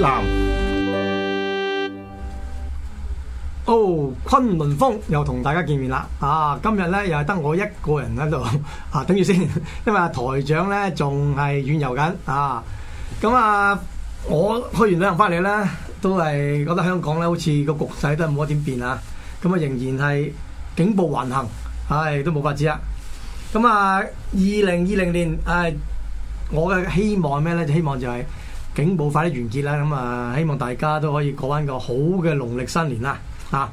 南哦，昆崙風又同大家見面啦！啊，今日咧又係得我一個人喺度啊，等住先，因為台長咧仲係遠遊緊啊。咁啊，我去完旅行翻嚟咧，都係覺得香港咧好似個局勢都唔知點變啊。咁啊，仍然係警暴橫行，唉、哎，都冇法子啊。咁啊，二零二零年誒，我嘅希望咩咧？就希望就係、是。警報快啲完結啦！咁啊，希望大家都可以過翻個好嘅農曆新年啦，吓！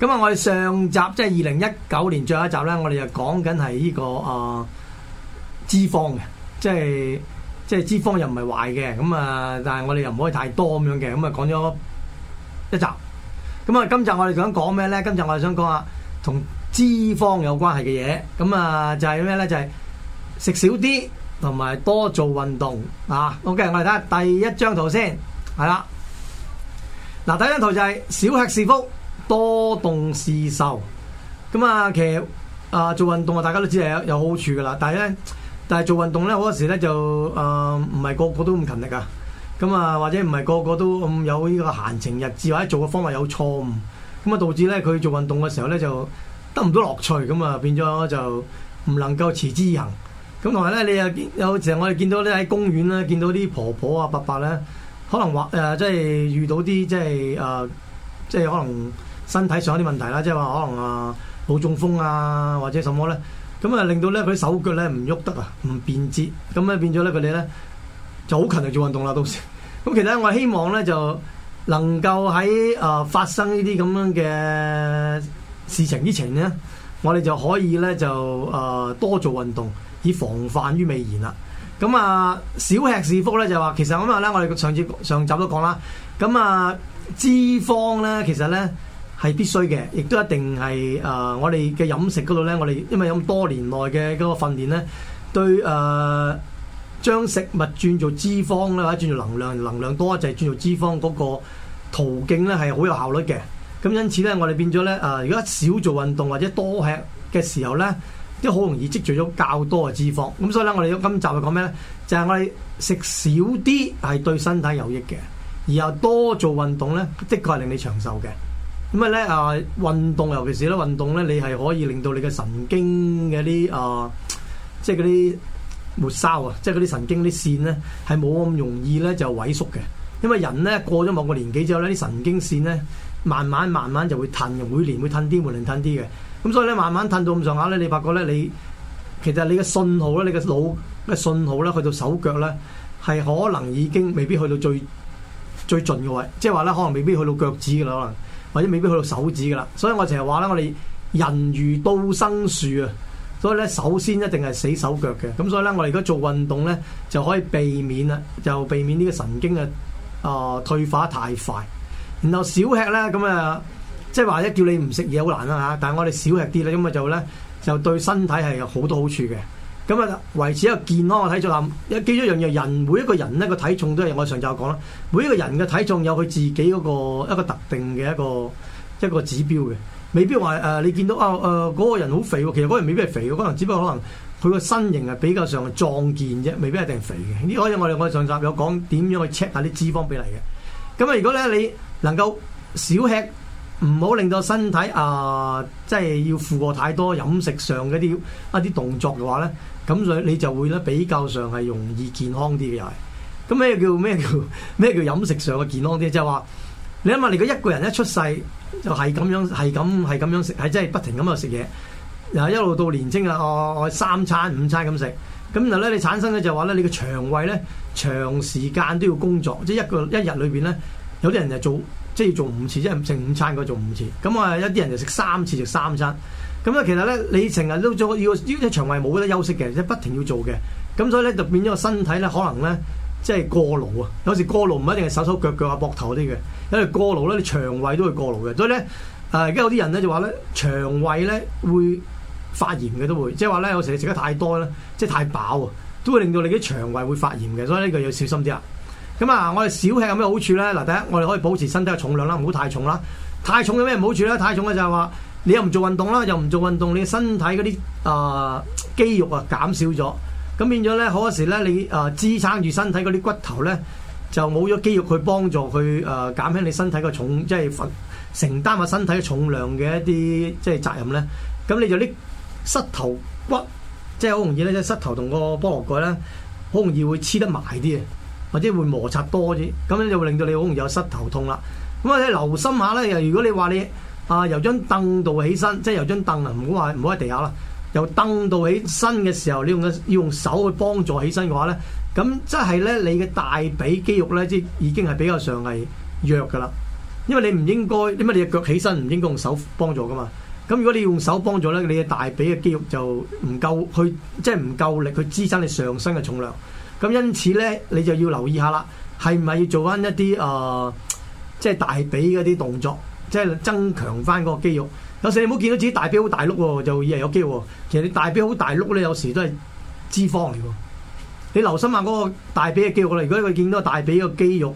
咁啊，我哋上集即係二零一九年最後一集啦，我哋就講緊係呢個啊脂肪嘅，即係即係脂肪又唔係壞嘅，咁啊，但係我哋又唔可以太多咁樣嘅，咁啊講咗一集。咁啊，今集我哋想講咩咧？今集我哋想講下同脂肪有關係嘅嘢。咁啊，就係咩咧？就係食少啲。同埋多做運動啊，OK，我哋睇下第一張圖先，係啦。嗱，第一張圖就係少吃是福，多動是壽。咁啊，其實啊做運動啊，動大家都知係有好處噶啦。但係咧，但係做運動咧，好多時咧就誒唔係個個都咁勤力啊。咁啊，或者唔係個個都咁有呢個閒情逸致，或者做嘅方法有錯誤，咁啊導致咧佢做運動嘅時候咧就得唔到樂趣，咁啊變咗就唔能夠持之以恒。咁同埋咧，你又見有時我哋見到咧喺公園咧，見到啲婆婆啊、伯伯咧，可能話誒即係遇到啲即係誒，即係可能身體上有啲問題啦，即係話可能啊，冇中風啊或者什麼咧，咁啊令到咧佢手腳咧唔喐得啊，唔便捷，咁啊變咗咧佢哋咧就好勤力做運動啦，到時。咁其實我希望咧就能夠喺誒發生呢啲咁樣嘅事情之前咧，我哋就可以咧就誒多做運動。以防範於未然啦。咁啊，少吃是福咧，就話其實咁啊。咧，我哋上次上集都講啦。咁啊，脂肪咧，其實咧係必須嘅，亦都一定係誒、呃、我哋嘅飲食嗰度咧，我哋因為咁多年內嘅嗰個訓練咧，對誒、呃、將食物轉做脂肪咧，或者轉做能量，能量多就係、是、轉做脂肪嗰個途徑咧，係好有效率嘅。咁因此咧，我哋變咗咧誒，如果少做運動或者多吃嘅時候咧。啲好容易積聚咗較多嘅脂肪，咁所以咧，我哋今集係講咩咧？就係我哋食少啲係對身體有益嘅，而又多做運動咧，的確係令你長壽嘅。咁啊咧啊運動，尤其是咧運動咧，你係可以令到你嘅神經嘅啲啊，即係嗰啲末梢啊，即係嗰啲神經啲線咧，係冇咁容易咧就萎縮嘅。因為人咧過咗某個年紀之後咧，啲神經線咧慢慢慢慢就會褪，每年會褪啲，每年褪啲嘅。咁所以咧，慢慢褪到咁上下咧，你發覺咧，你其實你嘅信號咧，你嘅腦嘅信號咧，去到手腳咧，係可能已經未必去到最最盡嘅位，即係話咧，可能未必去到腳趾嘅啦，可能，或者未必去到手指嘅啦。所以我成日話咧，我哋人如倒生樹啊。所以咧，首先一定係死手腳嘅。咁所以咧，我哋而家做運動咧，就可以避免啦，就避免呢個神經嘅啊、呃、退化太快。然後少吃咧，咁啊～、呃即係話一叫你唔食嘢好難啦、啊、嚇，但係我哋少食啲咧，咁啊就咧就對身體係有好多好處嘅。咁啊，維持一個健康嘅體重，記一記咗一樣嘢，人每一個人咧個體重都係我上集有講啦。每一個人嘅體、體重有佢自己嗰個一個特定嘅一個一個指標嘅，未必話誒、呃、你見到啊誒嗰個人好肥喎，其實嗰人未必係肥嘅，可能只不過可能佢個身形係比較上壯健啫，未必一定肥嘅。呢個嘢我哋我哋上集有講點樣去 check 下啲脂肪比例嘅。咁啊，如果咧你能夠少吃，唔好令到身體啊、呃，即係要負過太多飲食上嗰啲一啲動作嘅話咧，咁你你就會咧比較上係容易健康啲嘅又係。咁咩叫咩叫咩叫咩叫飲食上嘅健康啲？即係話你諗下，你果一個人一出世就係、係、咁樣，係咁係咁樣食，係真係不停咁樣食嘢，又一路到年青啊，我、哦、三餐五餐咁食，咁然後咧你產生嘅就話咧你個腸胃咧長時間都要工作，即係一個一日裏邊咧有啲人就做。即係要做五次，即係食五餐就做五次。咁、嗯、啊，有啲人就食三次，食三餐。咁、嗯、咧，其實咧，你成日都做要，呢啲腸胃冇得休息嘅，即係不停要做嘅。咁、嗯、所以咧，就變咗個身體咧，可能咧，即係過勞啊。有時過勞唔一定係手手腳腳啊、膊頭啲嘅，有時過勞咧，你腸胃都會過勞嘅。所以咧，啊、呃，而家有啲人咧就話咧，腸胃咧會發炎嘅都會，即係話咧，有時你食得太多咧，即係太飽啊，都會令到你啲腸胃會發炎嘅。所以呢個要小心啲啊。咁啊！我哋少吃有咩好處咧？嗱，第一我哋可以保持身體嘅重量啦，唔好太重啦。太重有咩唔好處咧？太重嘅就係話你又唔做運動啦，又唔做運動，你身體嗰啲啊肌肉啊減少咗，咁變咗咧好多時咧，你啊、呃、支撐住身體嗰啲骨頭咧，就冇咗肌肉去幫助去啊、呃、減輕你身體嘅重，即係負承擔啊身體嘅重量嘅一啲即係責任咧。咁你就搦膝頭骨，即係好容易咧，即係膝頭同個菠蘿蓋咧，好容易會黐得埋啲嘅。或者會摩擦多啲，咁咧就會令到你好容易有膝頭痛啦。咁啊，你留心下咧，又如果你話你啊、呃、由張凳度起身，即係由張凳啊，唔好話唔好喺地下啦，由凳度起身嘅時候，你用要用手去幫助起身嘅話咧，咁即係咧你嘅大髀肌肉咧，即已經係比較上係弱噶啦。因為你唔應該，因為你嘅腳起身唔應該用手幫助噶嘛。咁如果你用手幫助咧，你嘅大髀嘅肌肉就唔夠去，即係唔夠力去支撐你上身嘅重量。咁因此咧，你就要留意下啦，係唔係要做翻一啲誒、呃，即係大髀嗰啲動作，即係增強翻個肌肉。有時你唔好見到自己大髀好大碌喎，就以為有肌肉喎。其實你大髀好大碌咧，有時都係脂肪嚟喎。你留心下嗰個大髀嘅肌肉啦。如果佢見到大髀嘅肌肉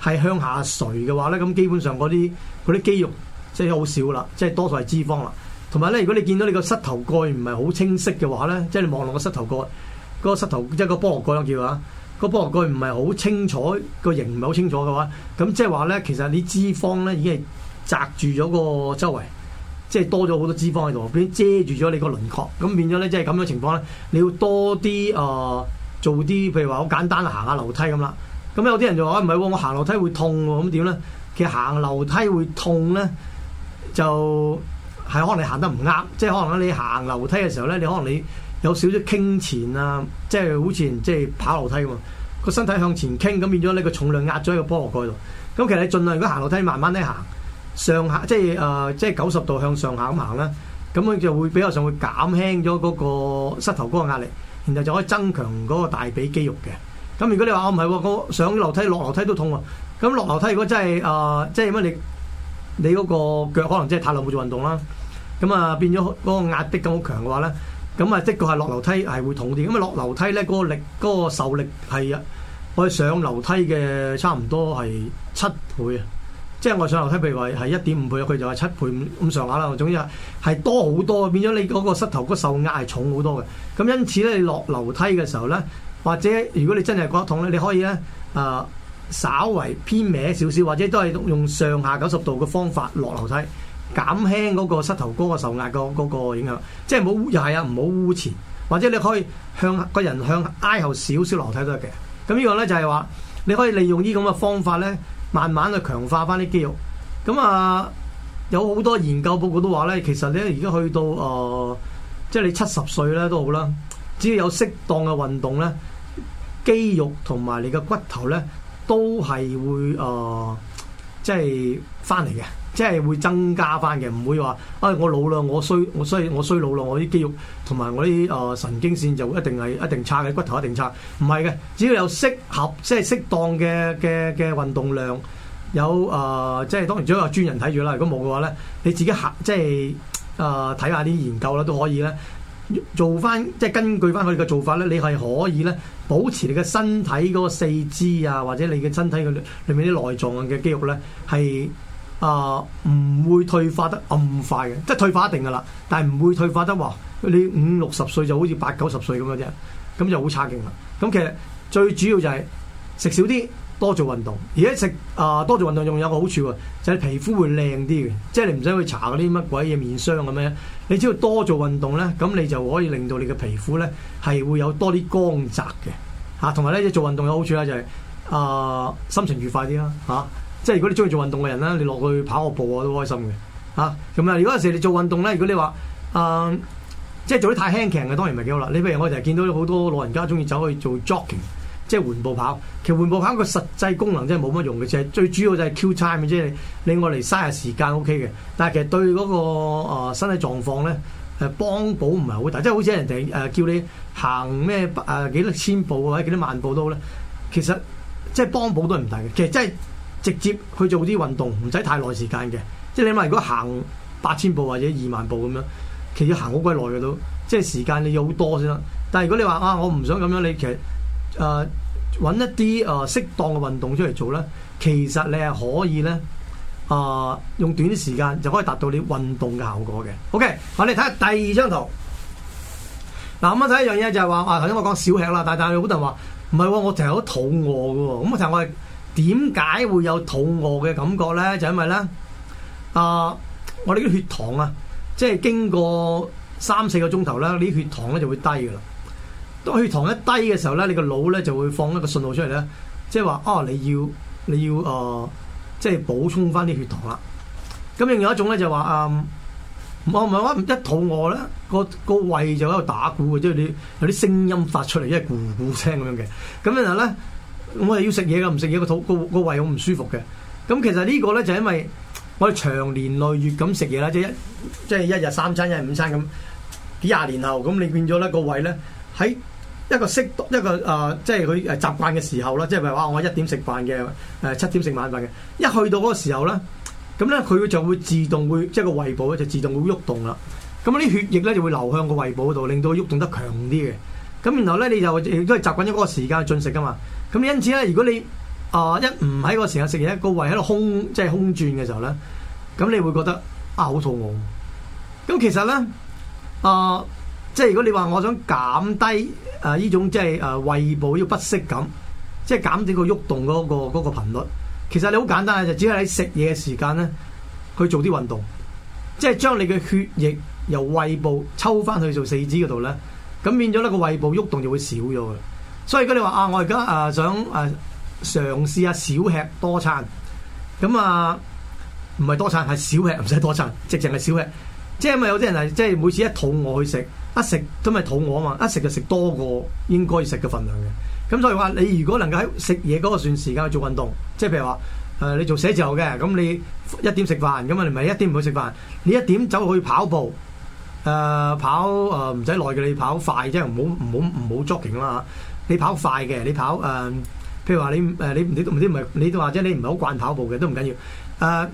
係向下垂嘅話咧，咁基本上嗰啲嗰啲肌肉即係好少啦，即係多數係脂肪啦。同埋咧，如果你見到,到你個膝頭蓋唔係好清晰嘅話咧，即係望落個膝頭蓋。個膝頭即係、那個菠蘿蓋啦，叫啊！個菠蘿蓋唔係好清楚、那個形，唔係好清楚嘅話，咁即係話咧，其實你脂肪咧已經係紮住咗個周圍，即係多咗好多脂肪喺度，變遮住咗你個輪廓，咁變咗咧即係咁樣情況咧，你要多啲誒、呃、做啲，譬如話好簡單行下樓梯咁啦。咁有啲人就話唔係喎，我行樓梯會痛喎，咁點咧？其實行樓梯會痛咧，就係可能你行得唔啱，即係可能你行樓梯嘅時候咧，你可能你，有少少傾前啊，即係好似即係跑樓梯咁啊，個身體向前傾，咁變咗呢個重量壓咗喺個菠蘿蓋度。咁其實你盡量如果行樓梯慢慢咧行上下，即係誒、呃，即係九十度向上下咁行啦，咁佢就會比較上會減輕咗嗰個膝頭哥嘅壓力，然後就可以增強嗰個大髀肌肉嘅。咁如果你話我唔係，我上樓梯落樓梯都痛啊。咁落樓梯如果真係誒、呃，即係因為你你嗰個腳可能真係太耐冇做運動啦。咁啊變咗嗰個壓迫咁好強嘅話咧。咁啊，的確係落樓梯係會痛啲。咁啊，落樓梯咧，嗰個力、嗰個受力係啊，我上樓梯嘅差唔多係七倍啊。即係我上樓梯，譬如話係一點五倍，佢就係七倍咁上下啦。總之係多好多，變咗你嗰個膝頭個受壓係重好多嘅。咁因此咧，你落樓梯嘅時候咧，或者如果你真係覺得痛咧，你可以咧啊、呃，稍為偏歪少少，或者都係用上下九十度嘅方法落樓梯。減輕嗰個膝頭哥個受壓個嗰影響，即係唔好又係啊，唔好污。前，或者你可以向個人向挨後少少樓梯都得嘅。咁、這、呢個咧就係話你可以利用呢咁嘅方法咧，慢慢去強化翻啲肌肉。咁啊，有好多研究報告都話咧，其實咧而家去到誒、呃，即係你七十歲咧都好啦，只要有適當嘅運動咧，肌肉同埋你嘅骨頭咧都係會誒、呃，即係翻嚟嘅。即係會增加翻嘅，唔會話啊、哎！我老啦，我衰，我衰，我衰老啦。我啲肌肉同埋我啲誒、呃、神經線就一定係一定差嘅，骨頭一定差。唔係嘅，只要有適合即係適當嘅嘅嘅運動量，有誒、呃、即係當然最好有專人睇住啦。如果冇嘅話咧，你自己行即係誒睇下啲研究啦都可以咧，做翻即係根據翻佢哋嘅做法咧，你係可以咧保持你嘅身體嗰四肢啊，或者你嘅身體嘅裏面啲內臟嘅肌肉咧係。啊，唔會退化得咁快嘅，即係退化一定噶啦，但係唔會退化得話，你五六十歲就好似八九十歲咁嘅啫，咁就好差勁啦。咁其實最主要就係食少啲，多做運動，而家食啊，多做運動仲有個好處喎，就係皮膚會靚啲嘅，即係你唔使去搽嗰啲乜鬼嘢面霜咁樣，你只要多做運動咧，咁你就可以令到你嘅皮膚咧係會有多啲光澤嘅，吓，同埋咧，做運動有好處咧就係啊心情愉快啲啦，吓。即係如果你中意做運動嘅人啦，你落去跑個步啊都開心嘅嚇。咁啊，如果有時你做運動咧，如果你話誒、嗯，即係做啲太輕強嘅，當然唔係幾好啦。你譬如我就係見到好多老人家中意走去做 jogging，即係緩步跑。其實緩步跑個實際功能真係冇乜用嘅，啫，最主要就係 kill time 即係你我嚟嘥下時間 OK 嘅，但係其實對嗰個誒身體狀況咧，誒幫補唔係好大。即係好似人哋誒叫你行咩誒幾多千步或者幾多萬步都好咧，其實即係幫補都唔大嘅。其實真、就、係、是。直接去做啲運動，唔使太耐時間嘅，即係你諗下，如果行八千步或者二萬步咁樣，其實行好鬼耐嘅都，即係時間你要好多先啦。但係如果你話啊，我唔想咁樣，你其實誒揾、呃、一啲誒、呃、適當嘅運動出嚟做咧，其實你係可以咧，誒、呃、用短啲時間就可以達到你運動嘅效果嘅。OK，啊、我哋睇下第二張圖。嗱、啊，咁樣睇一樣嘢就係話，啊頭先我講少吃啦，但但係好多人話唔係喎，我成日都肚餓嘅喎，咁我成日我係。點解會有肚餓嘅感覺咧？就是、因為咧，啊、呃，我哋啲血糖啊，即係經過三四個鐘頭咧，你啲血糖咧就會低㗎喇。當血糖一低嘅時候咧，你個腦咧就會放一個信號出嚟咧，即係話啊，你要你要啊、呃，即係補充翻啲血糖啦。咁另外一種咧就話啊、呃，我唔係話一肚餓咧，個個胃就喺度打鼓，即係你有啲聲音發出嚟，即係咕咕聲咁樣嘅。咁然後咧。我哋要食嘢噶，唔食嘢個肚個個胃好唔舒服嘅。咁其實呢個咧就因為我哋長年累月咁食嘢啦，即係一即係一日三餐、一日五餐咁幾廿年後咁，你變咗咧個胃咧喺一個適一個誒，即係佢誒習慣嘅時候啦，即係話我一點食飯嘅誒七點食晚飯嘅一去到嗰個時候咧，咁咧佢就會自動會即係個胃部咧就自動會喐動啦。咁啲血液咧就會流向個胃部嗰度，令到佢喐動得強啲嘅。咁然後咧你就亦都係習慣咗嗰個時間去進食噶嘛。咁因此咧，如果你啊、呃、一唔喺個時候食嘢，個胃喺度空即係、即係、空轉嘅時候咧，咁你會覺得啊好肚餓。咁其實咧啊、呃，即係如果你話我想減低、呃即係、啊依種即係啊胃部依個不適感，即係減少個喐動嗰、個嗰、個、頻率，其實你好簡單啊，就只係喺食嘢嘅時間咧去做啲運動，即係將你嘅血液由胃部抽翻去做四肢嗰度咧，咁變咗咧個胃部喐動就會少咗嘅。所以如果你話啊，我而家啊想啊嘗試下少吃多餐，咁、嗯、啊唔係多餐，係少吃唔使多餐，直情係少吃。即係因為有啲人係即係每次一肚餓去食，一食都咪肚餓啊嘛，一食就食多過應該食嘅份量嘅。咁、嗯、所以話你如果能夠喺食嘢嗰個段時間去做運動，即係譬如話誒、呃、你做寫字樓嘅，咁你一點食飯，咁啊你咪一點唔去食飯。你一點走去跑步，誒、呃、跑誒唔使耐嘅，你跑快即係唔好唔好唔好 jogging 啦。你跑快嘅，你跑誒，譬如話你誒，你唔你都唔知唔係你或者你唔係好慣跑步嘅都唔緊要。誒，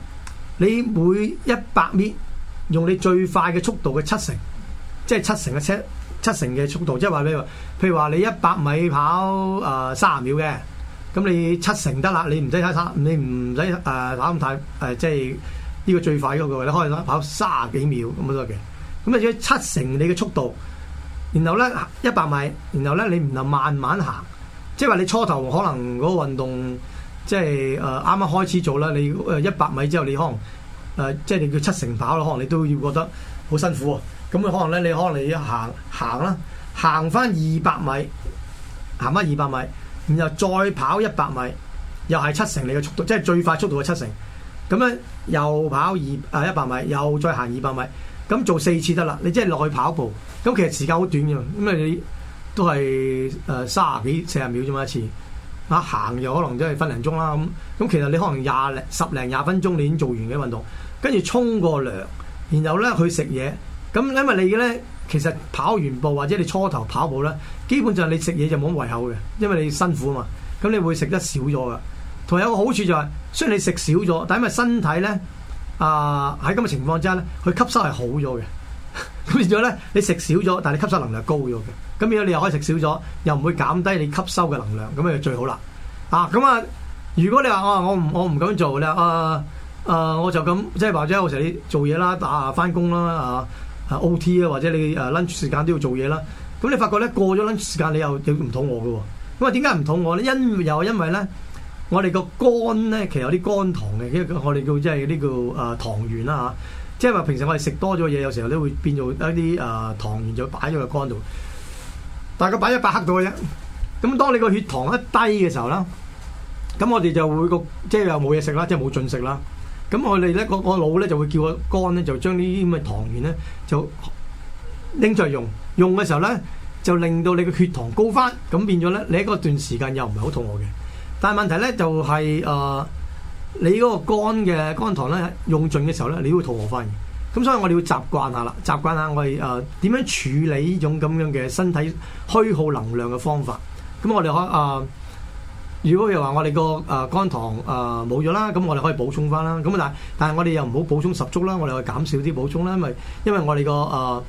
你每一百米用你最快嘅速度嘅七成，即係七成嘅車七成嘅速度，即係話譬如話，譬如話你一百米跑誒三十秒嘅，咁你七成得啦，你唔使慘，你唔使誒跑咁太誒，即係呢個最快嗰個，你可以跑三十幾秒咁多嘅，咁啊只要七成你嘅速度。然後咧一百米，然後咧你唔能慢慢行，即係話你初頭可能嗰個運動即係誒啱啱開始做啦，你誒一百米之後你可能誒、呃、即係你叫七成跑咯，可能你都要覺得好辛苦。咁你可能咧你可能你一行行啦，行翻二百米，行翻二百米，然後再跑一百米，又係七成你嘅速度，即係最快速度嘅七成。咁咧又跑二誒一百米，又再行二百米。咁做四次得啦，你即係落去跑步，咁其實時間好短嘅，因為你都係誒三十幾四十秒啫嘛一次，啊行又可能都係分零鐘啦咁，咁其實你可能廿零十零廿分鐘你已經做完嘅運動，跟住沖個涼，然後咧去食嘢，咁因為你嘅咧其實跑完步或者你初頭跑步咧，基本上你食嘢就冇咁胃口嘅，因為你辛苦啊嘛，咁你會食得少咗噶，同有個好處就係，雖然你食少咗，但因為身體咧。啊！喺咁嘅情況之下咧，佢吸收係好咗嘅。咁然之後咧，你食少咗，但係你吸收能量高咗嘅。咁然之後你又可以食少咗，又唔會減低你吸收嘅能量。咁啊，最好啦。啊，咁啊，如果你話啊，我唔我唔咁樣做啦。啊啊，我就咁即係或者有時你做嘢啦，打下返工啦啊，啊，OT 啊，或者你啊 lunch 時間都要做嘢啦。咁、啊、你發覺咧過咗 lunch 時間，你又又唔肚餓嘅喎。咁啊，點解唔肚餓咧？因又因為咧。我哋個肝咧，其實有啲肝糖嘅，因為我哋叫即係嗰啲叫誒、呃、糖原啦吓、啊，即係話平時我哋食多咗嘢，有時候咧會變做一啲誒、呃、糖原就擺咗個肝度。大概擺一百克度嘅啫。咁當你個血糖一低嘅時候啦，咁我哋就會個即係又冇嘢食啦，即係冇進食啦。咁我哋咧個個腦咧就會叫個肝咧就將呢啲咁嘅糖原咧就拎出嚟用。用嘅時候咧就令到你嘅血糖高翻，咁變咗咧你嗰段時間又唔係好肚餓嘅。但係問題咧，就係、是、誒、呃、你嗰個肝嘅肝糖咧用盡嘅時候咧，你會肚餓翻。咁所以我哋要習慣下啦，習慣下我哋誒點樣處理呢種咁樣嘅身體虛耗能量嘅方法。咁我哋可誒、呃，如果譬如話我哋個誒肝糖誒冇咗啦，咁、呃、我哋可以補充翻啦。咁但係但係我哋又唔好補充十足啦，我哋去減少啲補充啦，因為因為我哋個誒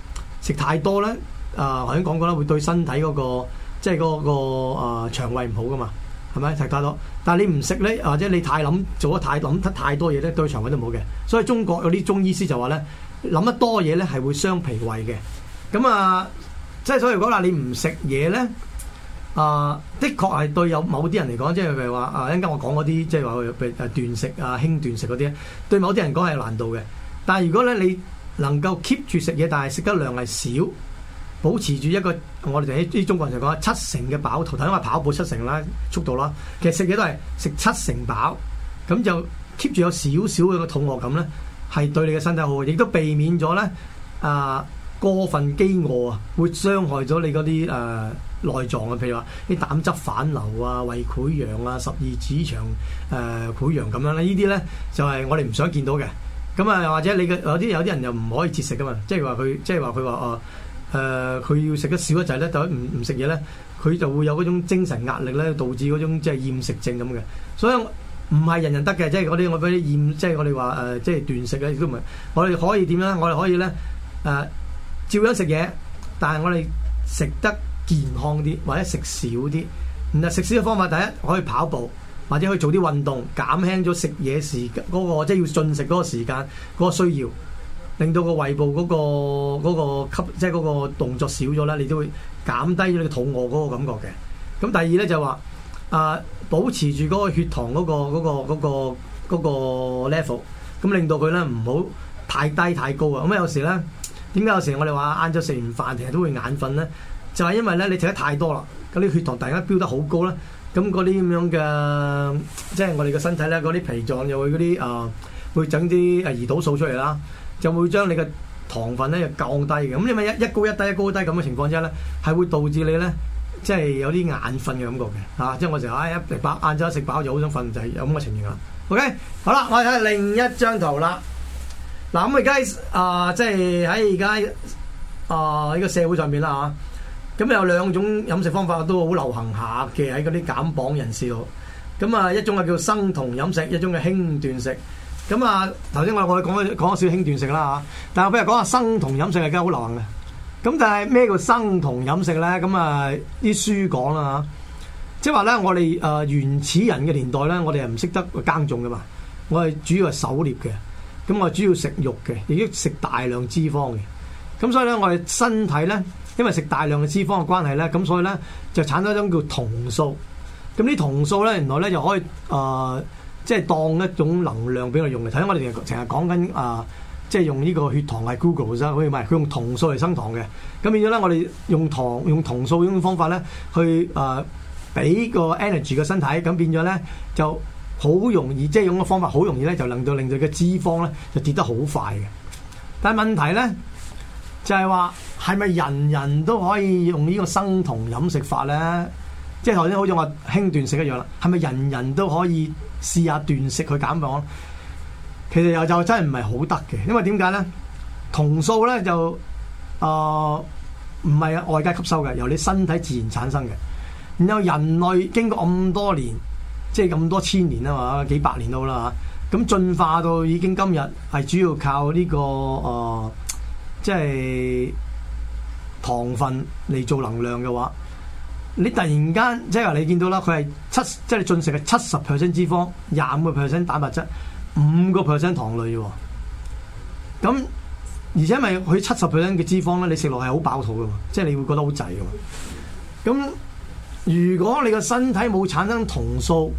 食太多咧誒頭先講過啦，會對身體嗰、那個即係嗰個誒、呃呃、腸胃唔好噶嘛。係咪？食太多？但係你唔食咧，或者你太諗，做得太諗得太多嘢咧，對腸胃都冇嘅。所以中國有啲中醫師就話咧，諗得多嘢咧，係會傷脾胃嘅。咁啊，即係所以如果啦，你唔食嘢咧，啊，的確係對有某啲人嚟講，即係譬如話啊，一陣間我講嗰啲，即係話佢誒斷食啊、輕斷食嗰啲咧，對某啲人講係有難度嘅。但係如果咧，你能夠 keep 住食嘢，但係食得量係少。保持住一個，我哋就喺啲中國人就講七成嘅飽，頭頭因為跑步七成啦，速度啦，其實食嘢都係食七成飽，咁就 keep 住有少少嘅個肚餓感咧，係對你嘅身體好，好，亦都避免咗咧啊，過分飢餓啊，會傷害咗你嗰啲誒內臟啊，譬如話啲膽汁反流啊、胃潰瘍啊、十二指腸誒潰瘍咁樣咧，呢啲咧就係、是、我哋唔想見到嘅。咁啊，或者你嘅有啲有啲人又唔可以節食㗎嘛，即係話佢即係話佢話啊。呃誒佢、呃、要食得少一滯咧，就喺唔唔食嘢咧，佢就會有嗰種精神壓力咧，導致嗰種即係厭食症咁嘅。所以唔係人人得嘅，即係啲我嗰啲厭，即係我哋話誒，即係斷食亦都唔係。我哋可以點咧？我哋可以咧誒、呃、照樣食嘢，但係我哋食得健康啲，或者少食少啲。唔係食少嘅方法，第一可以跑步，或者可以做啲運動，減輕咗食嘢時嗰、嗰個即係要進食嗰個時間嗰、嗰個需要。令到個胃部嗰、嗰個嗰個吸即係嗰個動作少咗啦，你都會減低咗你肚餓嗰個感覺嘅。咁第二咧就係、是、話，啊、呃、保持住嗰個血糖嗰、嗰個嗰、嗰個嗰個嗰個 level，咁令到佢咧唔好太低太高啊。咁有時咧，點解有時我哋話晏晝食完飯其實都會眼瞓咧？就係、是、因為咧你食得太多啦，咁啲血糖突然間飆得好高啦。咁嗰啲咁樣嘅即係我哋嘅身體咧嗰啲脾臟又會啲啊、呃、會整啲啊胰島素出嚟啦。就會將你嘅糖分咧降低嘅，咁你咪一一高一低一高一低咁嘅情況之下咧，係會導致你咧即係有啲眼瞓嘅感覺嘅，啊！即係我成日唉一食飽晏晝食飽就好想瞓，就係有咁嘅情形啦。OK，好啦，我睇下另一張圖啦。嗱，咁而家啊，即係喺而家啊呢個社會上面啦嚇，咁、啊、有兩種飲食方法都好流行下嘅喺嗰啲減磅人士度。咁啊一種係叫生酮飲食，一種嘅輕斷食。咁啊，頭先、嗯、我我哋講咗講少啲輕斷食啦嚇，但係我譬如講下生酮飲食係而家好流行嘅，咁但係咩叫生酮飲食咧？咁啊啲書講啦即係話咧我哋誒、呃、原始人嘅年代咧，我哋係唔識得耕種嘅嘛，我哋主要係狩獵嘅，咁我主要食肉嘅，亦都食大量脂肪嘅，咁所以咧我哋身體咧，因為食大量嘅脂肪嘅關係咧，咁所以咧就產生一種叫酮素，咁啲酮素咧原來咧就可以誒。呃即係當一種能量俾佢用嚟睇，因我哋成日講緊啊、呃，即係用呢個血糖係 Google 嘅啫。好唔係佢用酮素嚟生糖嘅咁變咗咧。我哋用糖用酮素呢種方法咧，去啊俾個 energy 個身體咁變咗咧，就好容易即係用個方法好容易咧，就能到令到佢嘅脂肪咧就跌得好快嘅。但係問題咧就係話係咪人人都可以用呢個生酮飲食法咧？即係頭先好似我輕斷食一樣啦，係咪人人都可以？試下斷食去減磅，其實又就真係唔係好得嘅，因為點解咧？酮素咧就誒唔係外界吸收嘅，由你身體自然產生嘅。然後人類經過咁多年，即係咁多千年啊嘛，幾百年都啦嚇。咁、啊、進化到已經今日，係主要靠呢、這個誒、呃，即係糖分嚟做能量嘅話。你突然間即係話你見到啦，佢係七即係你進食嘅七十 percent 脂肪，廿五個 percent 蛋白質，五個 percent 糖類。咁而且因為佢七十 percent 嘅脂肪咧，你食落係好飽肚噶嘛，即係你會覺得好滯噶嘛。咁如果你個身體冇產生酮素，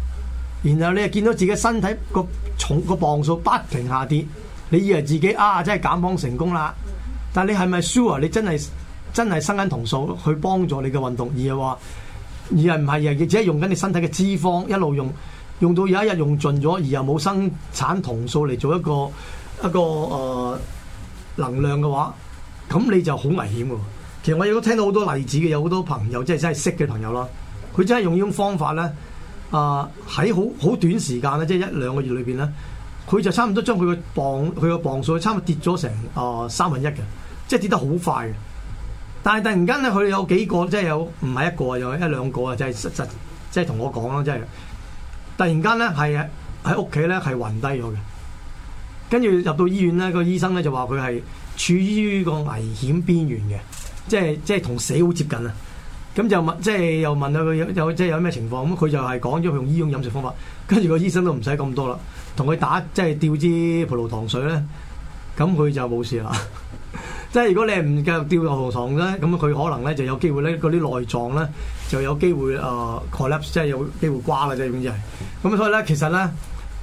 然後你又見到自己身體個重個磅數不停下跌，你以為自己啊真係減磅成功啦？但你係咪 sure？你真係？真係生緊酮素去幫助你嘅運動，而係話，而係唔係又只係用緊你身體嘅脂肪一路用，用到有一日用盡咗，而又冇生產酮素嚟做一個一個誒、呃、能量嘅話，咁你就好危險嘅。其實我亦都聽到好多例子嘅，有好多朋友即係真係識嘅朋友啦，佢真係用呢種方法咧，啊喺好好短時間咧，即係一兩個月裏邊咧，佢就差唔多將佢嘅磅佢嘅磅數差唔多跌咗成誒、呃、三分一嘅，即係跌得好快但係突然間咧，佢有幾個即係有唔係一個有一兩個啊，就係實實即係同我講咯，即係突然間咧係喺屋企咧係暈低咗嘅，跟住入到醫院咧，個醫生咧就話佢係處於個危險邊緣嘅，即係即係同死好接近啊！咁就問即係又問下佢有即係有咩情況咁，佢就係講咗佢用醫用飲食方法，跟住個醫生都唔使咁多啦，同佢打即係吊支葡萄糖水咧，咁佢就冇事啦。 即係如果你唔繼續掉落喉糖咧，咁佢可能咧就有機會咧嗰啲內臟咧就有機會啊、呃、collapse，即係有機會瓜啦，即係咁即係。咁所以咧其實咧啊、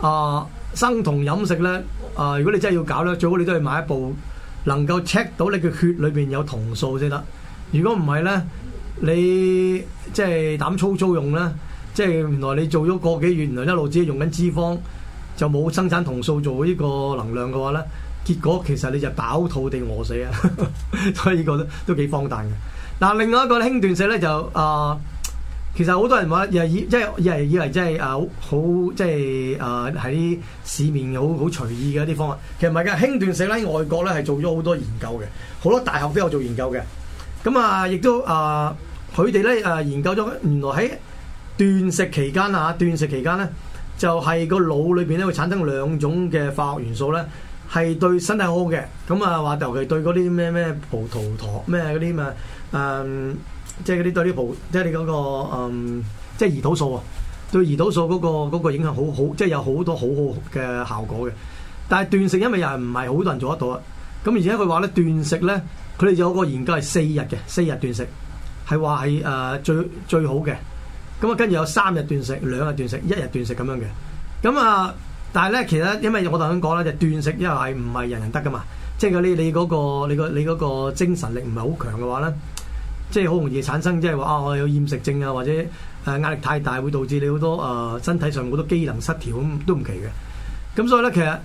呃、生酮飲食咧啊、呃、如果你真係要搞咧，最好你都係買一部能夠 check 到你嘅血裏邊有酮素先得。如果唔係咧，你即係膽粗粗用咧，即係原來你做咗個幾月，原來一路只係用緊脂肪就冇生產酮素做呢個能量嘅話咧。結果其實你就飽肚定餓死啊！ 所以呢個都都幾荒誕嘅。嗱，另外一個輕斷食咧就啊、呃，其實好多人話又以，以即係以為以為、就係啊、即係啊好即係啊喺市面好好隨意嘅一啲方案，其實唔係㗎。輕斷食喺外國咧係做咗好多研究嘅，好多大學都有做研究嘅。咁啊，亦都啊，佢哋咧啊研究咗原來喺斷食期間啊，斷食期間咧就係、係、個腦裏邊咧會產生兩種嘅化學元素咧。係對身體好好嘅，咁啊話尤其對嗰啲咩咩葡萄糖咩嗰啲嘛，誒即係嗰啲對啲葡，即係你嗰個誒，即係胰島素啊，對胰島素嗰個嗰個影響好好，即係有好多好好嘅效果嘅。但係斷食，因為又唔係好多人做得到，啊。咁而家佢話咧斷食咧，佢哋有個研究係四日嘅，四日斷食係話係誒最最好嘅，咁啊跟住有三日斷食、兩日斷食、一日斷食咁樣嘅，咁啊。但係咧，其實因為我頭想頭先講咧，就是、斷食，因為係唔係人人得噶嘛，即係嗰你嗰、嗰個你個你嗰個精神力唔係好強嘅話咧，即係好容易產生即係話啊，我有厭食症啊，或者誒壓力太大，會導致你好多誒、呃、身體上好多機能失調咁，都唔奇嘅。咁所以咧，其實誒、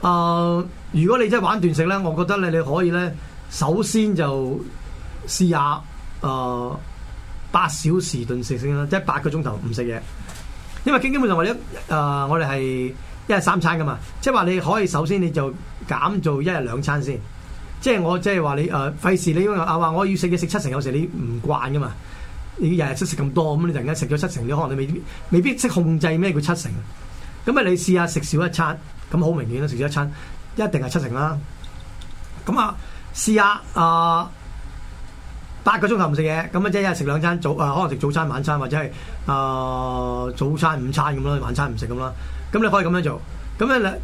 呃，如果你真係玩斷食咧，我覺得你你可以咧，首先就試下誒八、呃、小時斷食先啦，即係八個鐘頭唔食嘢，因為基本上或者誒我哋係。呃一日三餐噶嘛，即係話你可以首先你就減做一日兩餐先，即係我即係話你誒，費事你阿阿話我要食嘢食七成，有時你唔慣噶嘛，你日日都食咁多，咁你突然間食咗七成，你可能你未必未必識控制咩叫七成，咁啊你試下食少一餐，咁好明顯咯，食少一餐一定係七成啦，咁啊試下啊。試試呃八個鐘頭唔食嘢，咁啊即係一日食兩餐早啊、呃，可能食早餐、晚餐或者係啊、呃、早餐、午餐咁咯，晚餐唔食咁啦。咁你可以咁樣做。咁咧，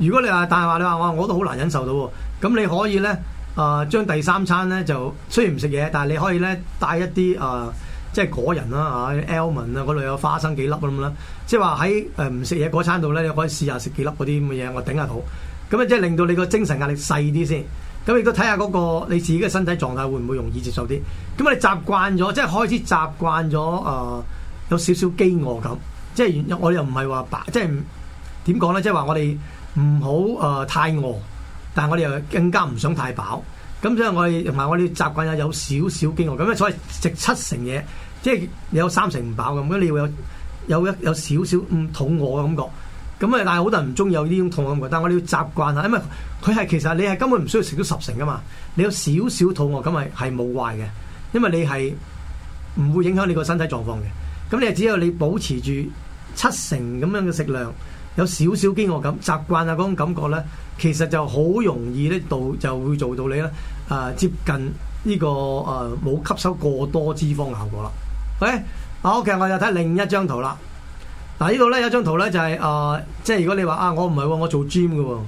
如果你話但係話你話我我都好難忍受到喎。咁你可以咧啊、呃，將第三餐咧就雖然唔食嘢，但係你可以咧帶一啲啊、呃、即係果仁啦嚇，Almond 啊嗰類有花生幾粒咁啦。即係話喺誒唔食嘢嗰餐度咧，你可以試下食幾粒嗰啲咁嘅嘢，我頂下肚。咁啊即係令到你個精神壓力細啲先。咁亦都睇下嗰個你自己嘅身體狀態會唔會容易接受啲？咁我哋，習慣咗即係開始習慣咗誒、呃呃，有少少飢餓咁。即係我哋又唔係話白，即係點講咧？即係話我哋唔好誒太餓，但係我哋又更加唔想太飽。咁所以我哋同埋我哋習慣有有少少飢餓咁，所謂食七成嘢，即係你有三成唔飽咁。咁你要有有一有少少唔肚餓嘅感覺。咁啊！但係好多人唔中意有呢種肚餓感，但係我哋要習慣啊，因為佢係其實你係根本唔需要食到十成㗎嘛，你有少少肚餓感咪係冇壞嘅，因為你係唔會影響你個身體狀況嘅。咁你只有你保持住七成咁樣嘅食量，有少少飢餓感，習慣啊嗰種感覺咧，其實就好容易呢度就會做到你咧啊、呃、接近呢、呢個啊冇、呃、吸收過多脂肪嘅效果啦。喂 okay？OK，我又睇另一張圖啦。嗱，呢度咧有一張圖咧、就是，就係啊，即係如果你話啊，我唔係喎，我做 gym 嘅喎，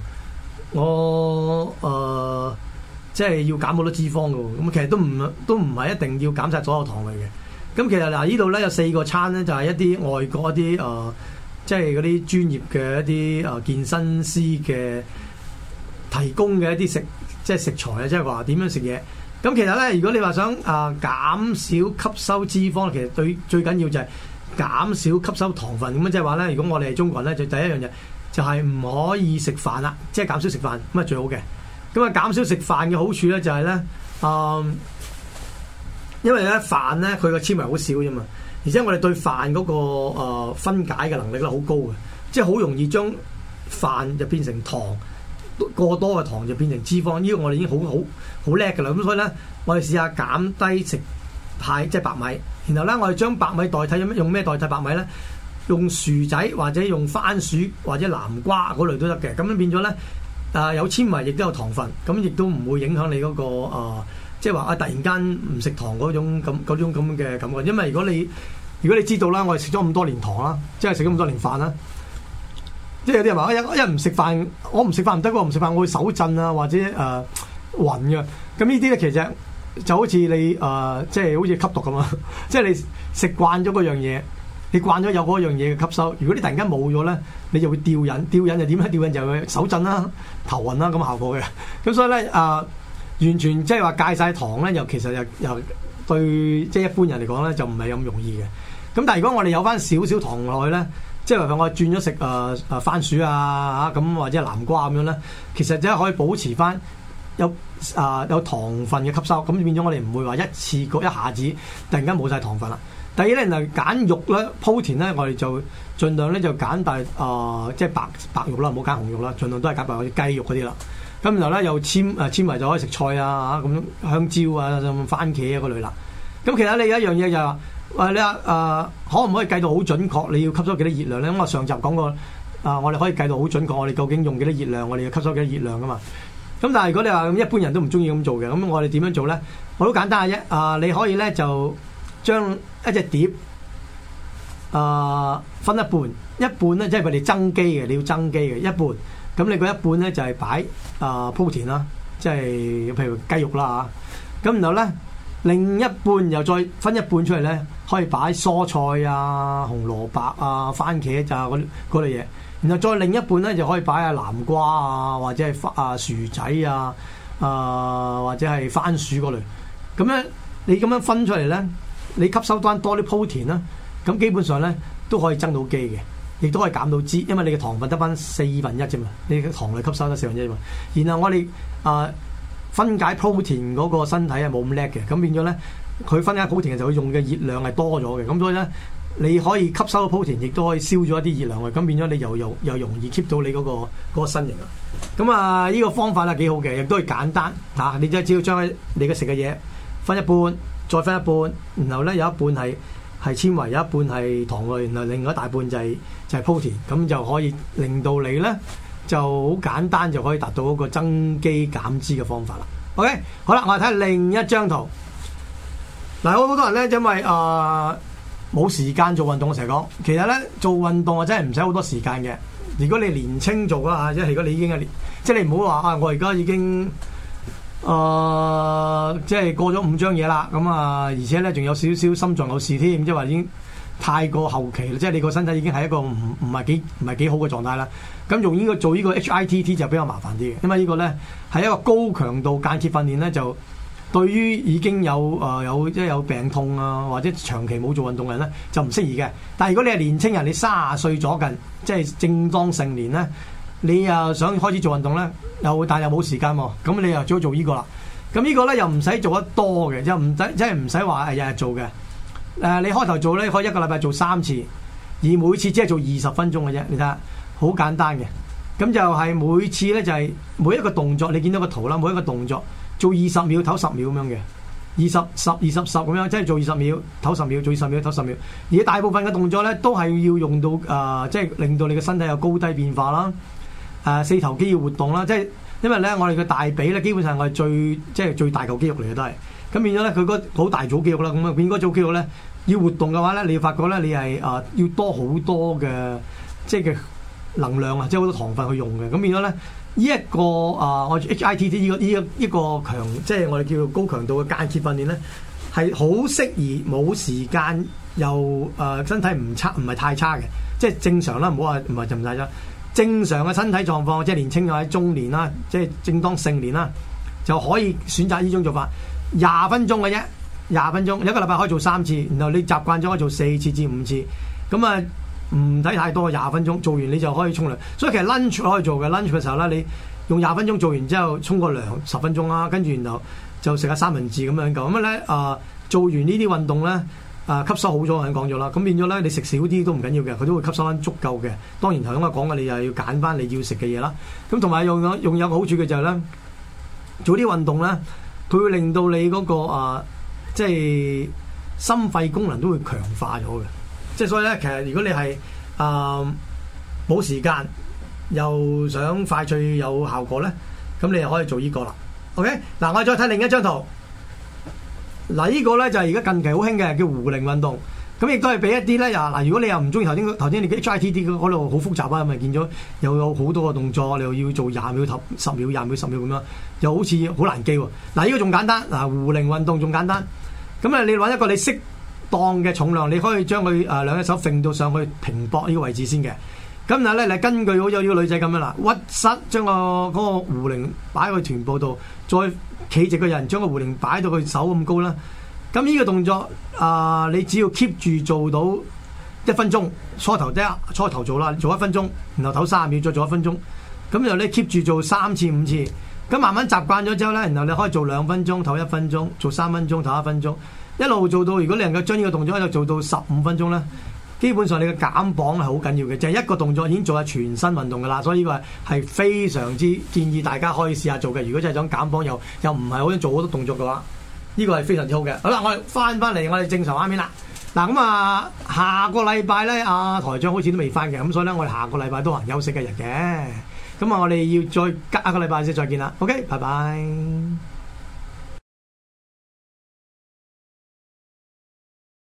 我誒、呃、即係要減好多脂肪嘅喎，咁其實都唔都唔係一定要減晒所有糖嚟嘅。咁其實嗱，呢度咧有四個餐咧，就係一啲外國一啲誒，即係嗰啲專業嘅一啲誒健身師嘅提供嘅一啲食即係食材啊，即係話點樣食嘢。咁其實咧，如果你話想啊、呃、減少吸收脂肪，其實最最緊要就係、是。減少吸收糖分咁啊，即係話咧，如果我哋係中國人咧，就第一樣嘢就係唔可以食飯啦，即係減少食飯咁啊，最好嘅。咁啊，減少食飯嘅好處咧，就係咧，誒，因為咧飯咧佢嘅纖維好少啫嘛，而且我哋對飯嗰個誒分解嘅能力咧好高嘅，即係好容易將飯就變成糖，過多嘅糖就變成脂肪。呢個我哋已經好好好叻㗎啦，咁所以咧，我哋試下減低食。米即係白米，然後咧我哋將白米代替，用咩代替白米咧？用薯仔或者用番薯或者南瓜嗰類都得嘅。咁樣變咗咧，啊、呃、有纖維亦都有糖分，咁亦都唔會影響你嗰、嗰個、呃、啊，即係話啊突然間唔食糖嗰種咁種咁嘅感覺。因為如果你如果你知道啦，我哋食咗咁多年糖啦，即係食咗咁多年飯啦，即係有啲人話一一唔食飯，我唔食飯唔得，我唔食飯我會手震啊或者誒暈嘅。咁呢啲咧其實，其實。就好似你誒，即、呃、係、就是、好似吸毒咁啊！即 係你食慣咗嗰樣嘢，你慣咗有嗰樣嘢嘅吸收。如果你突然間冇咗咧，你就會吊癮，吊癮就點咧？吊癮就會手震啦、頭暈啦、啊、咁效果嘅。咁 所以咧誒、呃，完全即係話戒晒糖咧，又其實又又對即係、就是、一般人嚟講咧，就唔係咁容易嘅。咁但係如果我哋有翻少少糖落去咧，即係話我轉咗食誒誒番薯啊咁或者南瓜咁樣咧，其實真係可以保持翻有。啊，有糖分嘅吸收，咁變咗我哋唔會話一次過一下子，突然間冇晒糖分啦。第二咧就揀肉咧，鋪田咧，我哋就儘量咧就揀大啊，即、呃、係、就是、白白肉啦，唔好揀紅肉啦，儘量都係揀白肉雞肉嗰啲啦。咁然後咧又纖啊纖維就可以食菜啊咁、啊、香蕉啊，啊、番茄啊嗰類啦。咁、啊啊、其實你有一樣嘢就話、是啊，你話啊，啊，可唔可以計到好準確？你要吸收幾多熱量咧？咁我上集講過啊，我哋可以計到好準確，我哋究竟用幾多熱量，我哋要吸收幾多熱量噶嘛？咁但係如果你話咁一般人都唔中意咁做嘅，咁我哋點樣做咧？好簡單嘅啫，啊、呃、你可以咧就將一隻碟啊、呃、分一半，一半咧即係為你增肌嘅，你要增肌嘅一半。咁你嗰一半咧就係擺啊、呃、鋪田啦，即、就、係、是、譬如雞肉啦嚇。咁、啊、然後咧另一半又再分一半出嚟咧，可以擺蔬菜啊、紅蘿蔔啊、番茄啊嗰嗰類嘢。然後再另一半咧，就可以擺下南瓜啊，或者係花、啊、薯仔啊，啊或者係番薯嗰類。咁樣你咁樣分出嚟咧，你吸收翻多啲 protein 啦。咁基本上咧都可以增到肌嘅，亦都可以減到脂，因為你嘅糖分得翻四分一啫嘛。你嘅糖類吸收得四分一啫嘛。然後我哋啊分解 protein 嗰個身體係冇咁叻嘅，咁變咗咧佢分解 protein 嘅時候用嘅熱量係多咗嘅，咁所以咧。你可以吸收 protein，亦都可以燒咗一啲熱量嘅，咁變咗你又又又容易 keep 到你嗰、嗰個嗰個身形啦。咁啊，呢、這個方法係幾好嘅，亦都係簡單。嗱、啊，你即只要將你嘅食嘅嘢分一半，再分一半，然後咧有一半係係纖維，有一半係糖類，然後另外一大半就係、是、就係、是、protein，咁就可以令到你咧就好簡單就可以達到一個增肌減脂嘅方法啦。OK，好啦，我哋睇下另一張圖。嗱，好好多人咧，因為啊～、呃冇時間做運動，我成日講。其實咧做運動啊，真係唔使好多時間嘅。如果你年青做啦嚇，即係如果你已經即係你唔好話啊，我而家已經誒、呃、即係過咗五張嘢啦。咁啊，而且咧仲有少少心臟有事添，即係話已經太過後期啦。即係你個身體已經係一個唔唔係幾唔係幾好嘅狀態啦。咁用呢個做呢個 H I T T 就比較麻煩啲嘅，因為呢個咧係一個高強度間歇訓練咧就。對於已經有誒、呃、有即係有病痛啊，或者長期冇做運動嘅人咧，就唔適宜嘅。但係如果你係年青人，你卅歲左近，即係正當成年咧，你又想開始做運動咧，又但又冇時間喎，咁你又最好做個個呢個啦。咁呢個咧又唔使做得多嘅，即係唔使即係唔使話日日做嘅。誒、呃，你開頭做咧可以一個禮拜做三次，而每次只係做二十分鐘嘅啫。你睇下，好簡單嘅。咁就係每次咧就係、是、每一個動作，你見到個圖啦，每一個動作。做二十秒唞十秒咁樣嘅，二十十二十十咁樣，即係做二十秒唞十秒，做二十秒唞十秒。而且大部分嘅動作咧，都係要用到啊、呃，即係令到你嘅身體有高低變化啦。誒、呃，四頭肌要活動啦，即係因為咧，我哋嘅大髀咧，基本上我係最即係最大嚿肌肉嚟嘅都係。咁變咗咧，佢嗰好大組肌肉啦，咁啊變嗰組肌肉咧要活動嘅話咧，你要發覺咧你係啊、呃、要多好多嘅即係能量啊，即係好多糖分去用嘅。咁變咗咧。呢一個啊，我、uh, HIT 呢個呢個呢個強，即係我哋叫高強度嘅間歇訓練咧，係好適宜冇時間又誒、uh, 身體唔差，唔係太差嘅，即係正常啦，唔好話唔係就唔使啦。正常嘅身體狀況，即係年青喺中年啦，即係正當盛年啦，就可以選擇呢種做法，廿分鐘嘅啫，廿分鐘，一個禮拜可以做三次，然後你習慣咗可以做四次至五次，咁啊。唔使太多，廿分鐘做完你就可以沖涼。所以其實 lunch 可以做嘅，lunch 嘅時候啦，你用廿分鐘做完之後，沖個涼十分鐘啦，跟住然後就食下三文治咁樣咁。咁咧啊，做完呢啲運動咧啊、呃，吸收好咗，我講咗啦。咁變咗咧，你食少啲都唔緊要嘅，佢都會吸收翻足夠嘅。當然頭先我講嘅，你又要揀翻你要食嘅嘢啦。咁同埋用有用有個好處嘅就係、是、咧，做啲運動咧，佢會令到你嗰、那個啊、呃，即係心肺功能都會強化咗嘅。即係所以咧，其實如果你係啊冇時間又想快脆有效果咧，咁你又可以做呢個啦。OK，嗱我哋再睇另一張圖。嗱、這個、呢個咧就係而家近期好興嘅，叫壺鈴運動。咁亦都係俾一啲咧，嗱如果你又唔中意頭先個頭先你啲 HIT 啲嗰度好複雜啊，咪、嗯、見咗又有好多個動作，你又要做廿秒頭十秒廿秒十秒咁樣，又好似好難記喎。嗱呢、這個仲簡單，嗱壺鈴運動仲簡單。咁咧你揾一個你識。當嘅重量，你可以將佢啊兩隻手揈到上去平膊呢個位置先嘅。咁但係咧，你根據好似呢個女仔咁樣啦，屈膝將個嗰個壺鈴擺喺佢臀部度，再企直個人，將個壺鈴擺到佢手咁高啦。咁呢個動作啊，你只要 keep 住做到一分鐘，初頭即係初頭做啦，做一分鐘，然後唞三十秒，再做一分鐘。咁然後你 keep 住做三次五次，咁慢慢習慣咗之後咧，然後你可以做兩分鐘唞一分鐘，做三分鐘唞一分鐘。一路做到，如果你能夠將呢個動作一路做到十五分鐘咧，基本上你嘅減磅係好緊要嘅，就係、是、一個動作已經做下全身運動嘅啦，所以呢個係非常之建議大家可以試下做嘅。如果真係想減磅又又唔係好想做好多動作嘅話，呢、這個係非常之好嘅。好啦，我哋翻翻嚟我哋正常畫面啦。嗱咁啊，下個禮拜咧，啊台長好似都未翻嘅，咁所以咧我哋下個禮拜都係休息嘅日嘅。咁啊，我哋要再隔一個禮拜先再見啦。OK，拜拜。